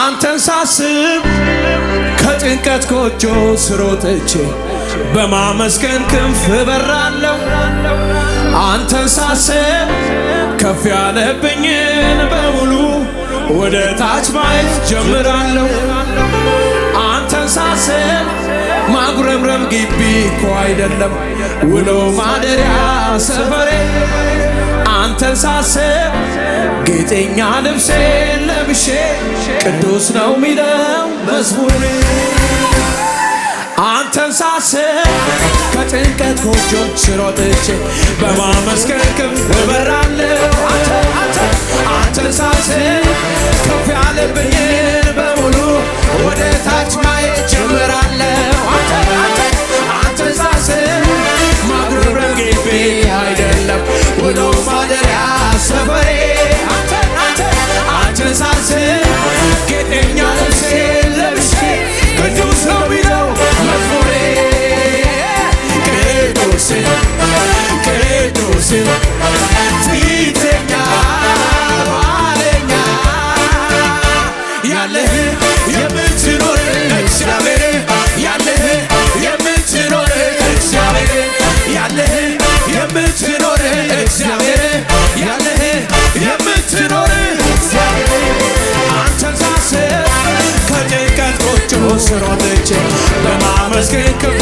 አንተን ሳስብ ከጭንቀት ጎጆ ስሮጥቼ በማመስገን ክንፍ በራለሁ። አንተን ሳስብ ከፍ ያለብኝን በሙሉ ወደ ታች ማየት ጀምራለሁ። አንተን ሳስብ ማጉረምረም ግቢ እኮ አይደለም ውሎ ማደሪያ ሰፈሬ አንተን ሳስብ ጌጤኛ ልብሴ ለብሼ ቅዱስ ነው ሚለው መዝሙር አንተን ሳስብ ከጭንቀት ጎጆ ስሮጥቼ በማመስገን ክንፍ እበራለሁ አንተን ሳስብ ከፍ ያለብኝን በሙሉ ወደ ታች ማየት ጀምራለሁ ነው ማደሪያ ሰፈሬ አንተን ሳስብ ጌጤኛ ልብሴ ለብሼ ቅዱስ ነው የሚለው መዝሙሬ ቅዱስ ቅዱስ ፊተኛ ባለኛ ያለህ ስሮተቼ በማመስገን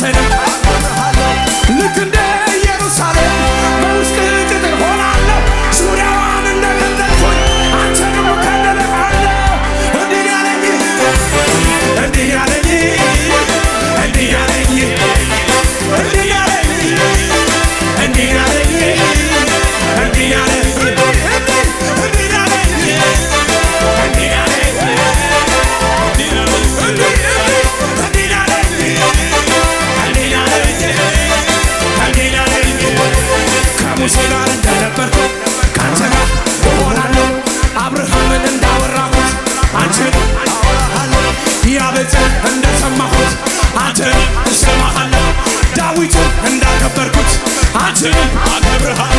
pretending dancing on every hand.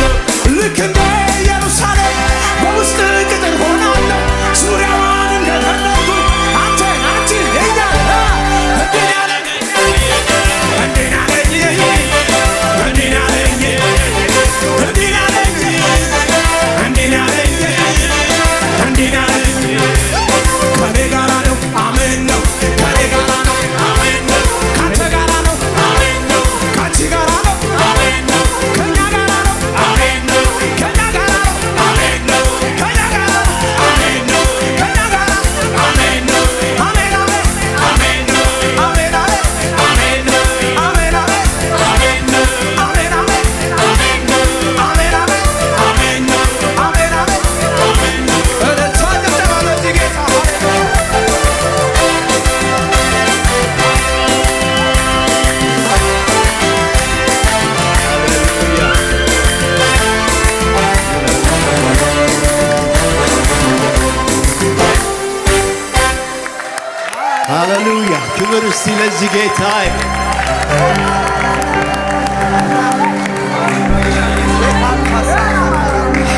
Hallelujah. Give it a seal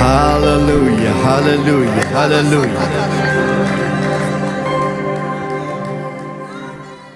Hallelujah. Hallelujah. Hallelujah.